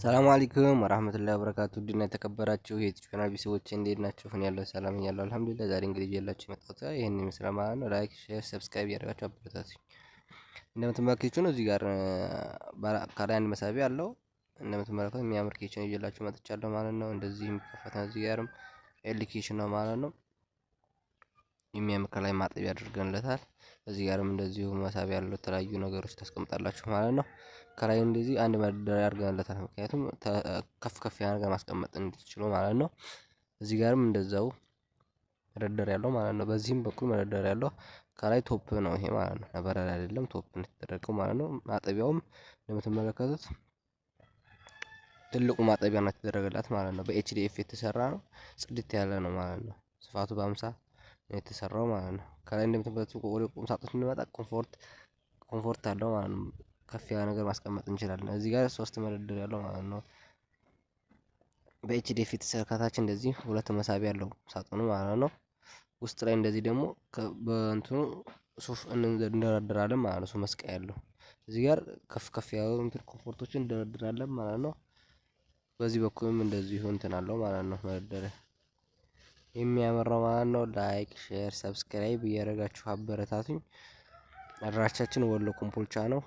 ሰላም አለይኩም ወራህመቱላሂ ወበረካቱ ድና የተከበራችሁ የዩቲዩብ ቻናል ቤተሰቦች እንዴት ናችሁ? ሁን ያለው ሰላም ያለው አልሐምዱሊላህ። ዛሬ እንግዲህ ያላችሁ የመጣሁት ይሄን ይመስላል ማለት ነው። ላይክ፣ ሼር፣ ሰብስክራይብ ያደርጋችሁ አበረታቱኝ። እንደምትመለከቱት ነው እዚህ ጋር ከላይ አንድ መሳቢያ አለው። እንደምትመለከቱት የሚያምር ኬችን ይዤላችሁ መጥቻለሁ ማለት ነው። እንደዚህ የሚከፈት ነው። እዚህ ጋርም ኤሊኬሽን ነው ማለት ነው። የሚያምር ላይ ማጠቢያ አድርገንለታል። እዚህ ጋርም እንደዚሁ መሳቢያ ያለው የተለያዩ ነገሮች ታስቀምጣላችሁ ማለት ነው። ከላይ እንደዚህ አንድ መደርደሪያ አድርገንለታል። ምክንያቱም ከፍ ከፍ ያደርገን ማስቀመጥ እንድትችሉ ማለት ነው። እዚህ ጋርም እንደዛው መደርደር ያለው ማለት ነው። በዚህም በኩል መደርደሪያ ያለው ከላይ ቶፕ ነው ይሄ ማለት ነው። ነበረር አይደለም ቶፕ የተደረገው ማለት ነው። ማጠቢያውም እንደምትመለከቱት ትልቁ ማጠቢያ ነው የተደረገላት ማለት ነው። በኤችዲኤፍ የተሰራ ነው። ጽድት ያለ ነው ማለት ነው። ስፋቱ በአምሳ የተሰራው ማለት ነው። ከላይ እንደምትመለከቱ ወደ ቁም ሳጥን ስንመጣ ኮምፎርት ኮምፎርት አለው ማለት ነው። ከፍ ያለ ነገር ማስቀመጥ እንችላለን። እዚህ ጋር ሶስት መደርደር ያለው ማለት ነው። ፊት ሰርካታችን እንደዚህ ሁለት መሳቢያ ያለው ሳጥኑ ማለት ነው። ውስጥ ላይ እንደዚህ ደግሞ በእንትኑ ሱፍ እንደረድራለን ማለት ነው። ሱፍ መስቀያ ያለው እዚህ ጋር ከፍ ከፍ ያሉ እንትን ኮምፎርቶችን እንደረድራለን ማለት ነው። በዚህ በኩልም እንደዚሁ እንትን አለው ማለት ነው መደርደሪያ የሚያምረው ማለት ነው። ላይክ፣ ሼር፣ ሰብስክራይብ እያደረጋችሁ አበረታቱኝ። አድራሻችን ወሎ ኮምቦልቻ ነው።